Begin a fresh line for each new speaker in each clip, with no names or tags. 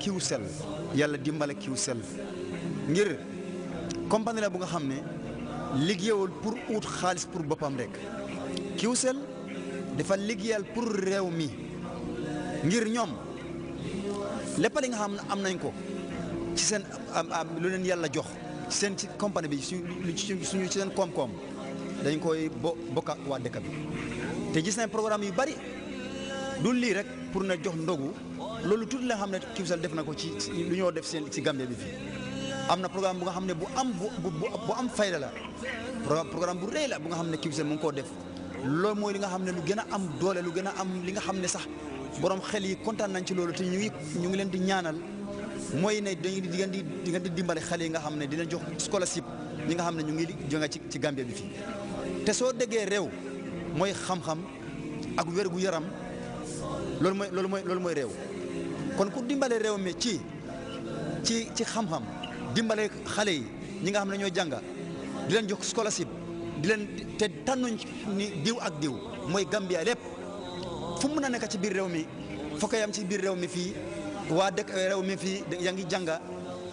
kiw sel yàlla dimbale kiw sel ngir compagnie la bu nga xam ne liggéewul pour ut xaalis pour boppam rek kiw sel dafa liggéeyal pour réew mi ngir ñoom lépp li nga xam ne am nañ ko ci seen lu leen yàlla jox seen ci compagnie bi suñu suñu ci seen koom-koom dañ koy bo bokk ak waa bi te gis nañ programme yu bari du lii rek pour na jox ndogu loolu tuuti la xam ne Qcell def na ko ci lu ñoo def seen ci Gambie bi fi am na programme bu nga xam ne bu am bu am fayda la programme bu rëy la bu nga xam ne Qcell mu ngi koo def loolu mooy li nga xam ne lu gën a am doole lu gën a li nga xam ne sax borom xel yi kontaan nañ ci loolu te ñu ngi ñu ngi leen di ñaanal mooy ne dañuy di ngeen di di ngeen di dimbale xale yi nga xam ne dina jox scholarship ñi nga xam ne ñu ngi jóge ci ci Gambie bi fii te soo déggee réew mooy xam ak wér yaram loolu mooy loolu mooy loolu mooy réew. kon ku dimbalee réew mi ci ci ci xam-xam dimbale xale yi ñi nga xam ne ñoo jànga di leen jox scholarship di leen te tànnuñ ni diw ak diw mooy Gambia lépp fu mun a nekk ci biir réew mi fokk yam ci biir réew mi fii waa dëkk réew mi fii yaa ngi jànga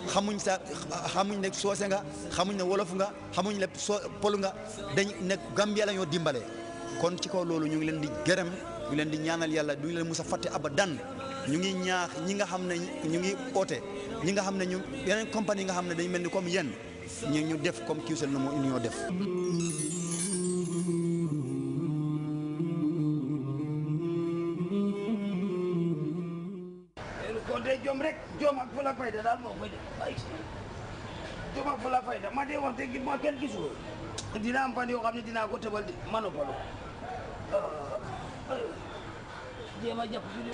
xamuñ sa xamuñ ne soose nga xamuñ ne wolof nga xamuñ ne soo pol nga dañ nekk Gambia la ñoo dimbale kon ci ko loolu ñu ngi leen di gërëm ñu ngi leen di ñaanal yàlla du ñu leen mus a fàtte abadan ñu ngi ñaax ñi nga xam ne ñu ngi oote ñi nga xam ñu yeneen compagnie nga xam dañu mel comme yenn ñu ñu def comme kiusel na moo union def
jom rek jom ak fula fayda daal moo koy def jom ak fula fayda ma dee wante gi ma kenn gisul dina am fan yoo xam ne ko tëbal di manopalo jéem a jàpp julli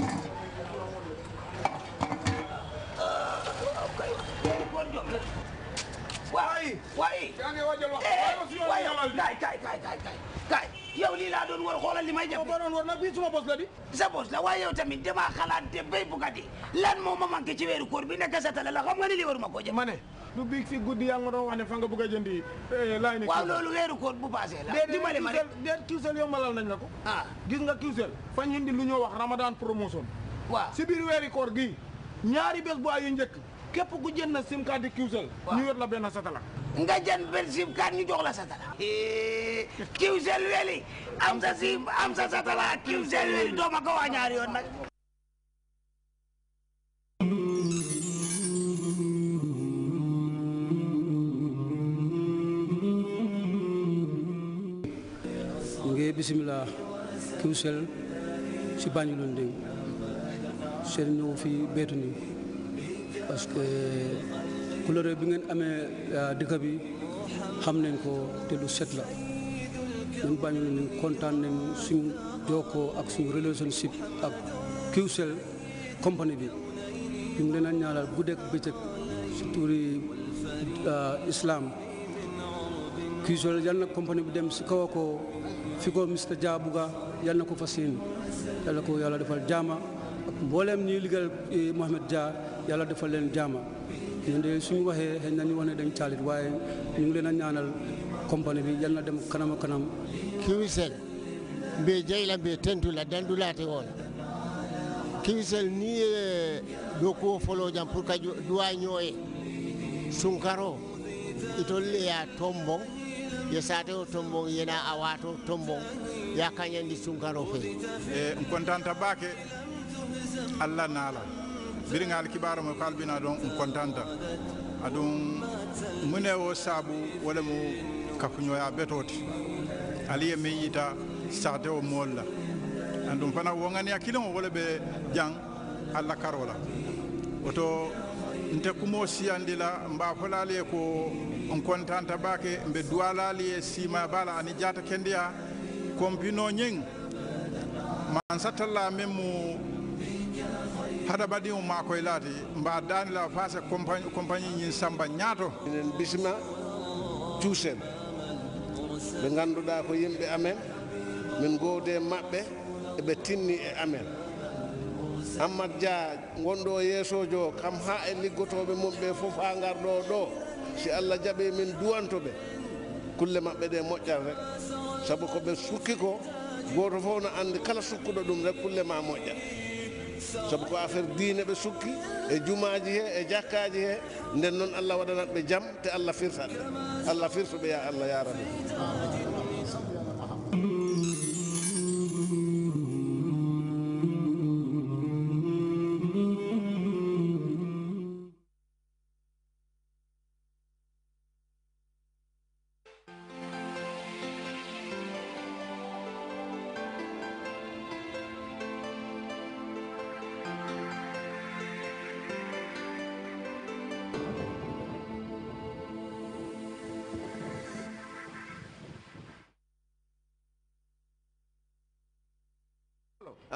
waay waay eh, waay waay kaay kaay kaay kaay yow lii laa doon war xoolal li may def. boo doon war nag bii suma bos la waaye yow tamit damaa xalaat te béy bu kat lan moo ma manqué ci weeru koor bi nekk sa tala la xam nga ni li waruma koo jënd. ma ne lu biig si guddi yaa nga doon wax ne fa nga bëgg a jëndi eh, laay ne. waaw loolu weeru bu passé la. dimbali ma rek déedéet kiwsel yombalal nañ la ko. Ah. gis nga kiwsel fañ indi lu ñoo wax ramadan promotion. waaw si biir weeri koor gii ñaari bés bu ay njëkk képp ku jënd sim card di kiwsel ñu yor la benn satala nga jan Persib kan ñu jox satala kiw sel weli am sa sim am sa satala kiw sel weli dooma ko waa ñaari
bismillah kiw sel si Banjul ndeng sel ñëw fi parce que couleur bi ngeen amee euh, dëkk bi xam nañ ko te du set la ñun Banjul ñu kontaan nañ suñu jokkoo ak suñu relationship ak QCell compagnie bi ñu ngi leen a ñaanal guddeeg bëccëg si tuuri euh, islam QCell yal na compagnie bi dem si kaw ko fi ko Mr Dia ko fa seen yal ko yàlla defal jaama ak mbooleem ñuy liggéeyal eh, Mohamed Dia yàlla defal leen jaama ñun de suñu waxee xëy na ñu wax ne dañ caalit waaye ñu ngi leen a ñaanal compagnie bi yal na dem kanam a kanam Qcell mbe jeyla mbe tentula dandulate on Qcell ni e eh, ɗo kuwo folojam pour que duwaño e sunkaro itol ya tombon ye sate o tombon yena awato tombon ya kañandi sunkaro fe e eh, kontanta baake allah naala biriŋal kibaramo ko albina ɗon um contanta aɗum mune o saabu wala mo kafuñoya betote aliye meyita yita sahde o moolla an ɗum fana wongani hakkilon o wala ɓe jan allah karola oto nte kumo siyandi la mba folali e ko on um kontanta bake mbe duwalali e sima bala ani jata kendiya kompino ñing man sattalla men hada mbaɗi on ma koye laati mba dani la face compagnie compagnie ñin samba ñaato enen bisima cuusen ɓe ganduɗa ko yimɓe amen min gowde maɓɓe eɓe tinni e amen hammad dia gonɗo yessojo kam ha e liggotoɓe mumɓe foof ha garɗo ɗo si allah jaaɓi min duwantoɓe kulle maɓɓe ɗe moƴƴat rek saabu koɓe sukki ko goto fof no andi kala sukkuɗo ɗum rek kulle ma moƴƴat saabu ko affaire diine ɓe sukki e jumaji he e jakkaji he nden noon allah waɗanaɓe jaam te allah firtaɓe allah firtoɓe ya allah yarama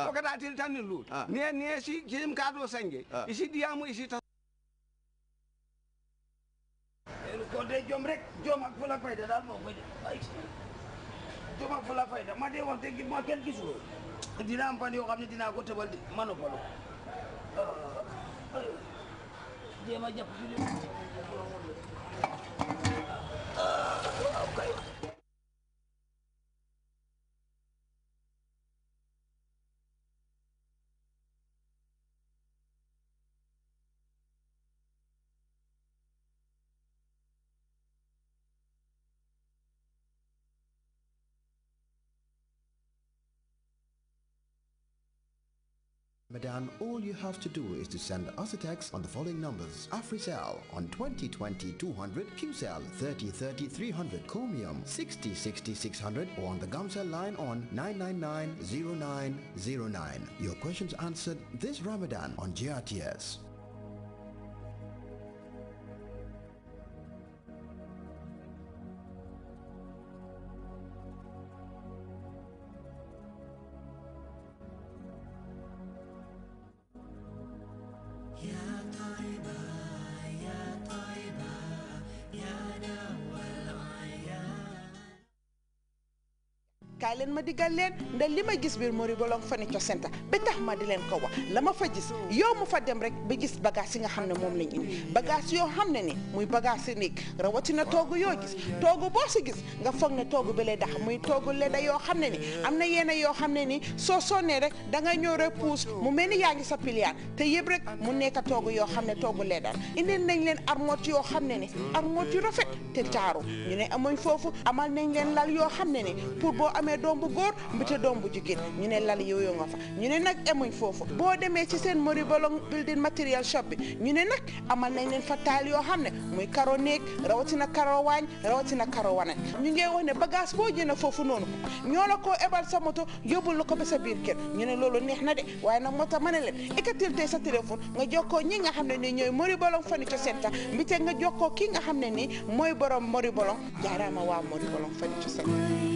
pokatatil tan ni luut ne ne si sim kato sangue ah. isi diamo isi
ta ko de jom rek jom ak fayda daal moo koy def jom ak fula fayda ma dee woon te ma kenn gisul dina am fan yoo xam ne dinaa ko tëbal di ah, ah. ma noppalu jéem
Madam, all you have to do is to send us a text on the following numbers. AfriCell on 2020 200, QCell 3030 300, Comium 6060 600 or on the Gamcell line on 999 0909. Your questions answered this Ramadan on GRTS.
kaay leen ma diggal leen ndax li ma gis biir Mori Bolong Fani Cosenta ba tax ma di leen ko wax la ma fa gis yoo mu fa dem rek ba gis bagage yi nga xam ne moom lañ indi bagage yoo xam ne ni muy bagage yi nekk rawatina toogu yoo gis toogu boo si gis nga foog ne toogu bi dax muy toogu leda yoo xam ne ni am na yenn yoo xam ne ni soo sonnee rek da nga ñëw rek puus mu mel ni yaa ngi sa piliyaan te yëpp rek mu nekk toogu yoo xam ne toogu leda indil nañ leen armoot yoo xam ne ni armoot yu rafet te taaru ñu ne amuñ foofu amal nañ leen lal yoo xam ne ni pour boo amee doom bu góor mbite doom bu jigéen ñu ne lal yooyu nga fa ñu ne nag emuñ foofu boo demee ci seen Mori Bolong building material shop bi ñu ne nag amal nañ leen fa taal yoo xam ne muy karo néeg rawatina karo waañ rawatina karo wanen ñu ngi wax ne bagage boo jënd foofu noonu ñoo la koo ebal sa moto yóbbul la ko ba sa biir kër ñu ne loolu neex na de waaye nag moo tax ma ne leen ikkatil tey sa téléphone nga jokkoo ñi nga xam ne nii ñooy Mori Bolong Furniture Center mbite nga jokkoo ki nga xam ne nii mooy borom Mori Bolong jaaraama waa Mori Bolong Furniture Center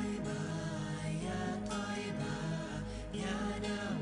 طيبة يا طيبة يا نبات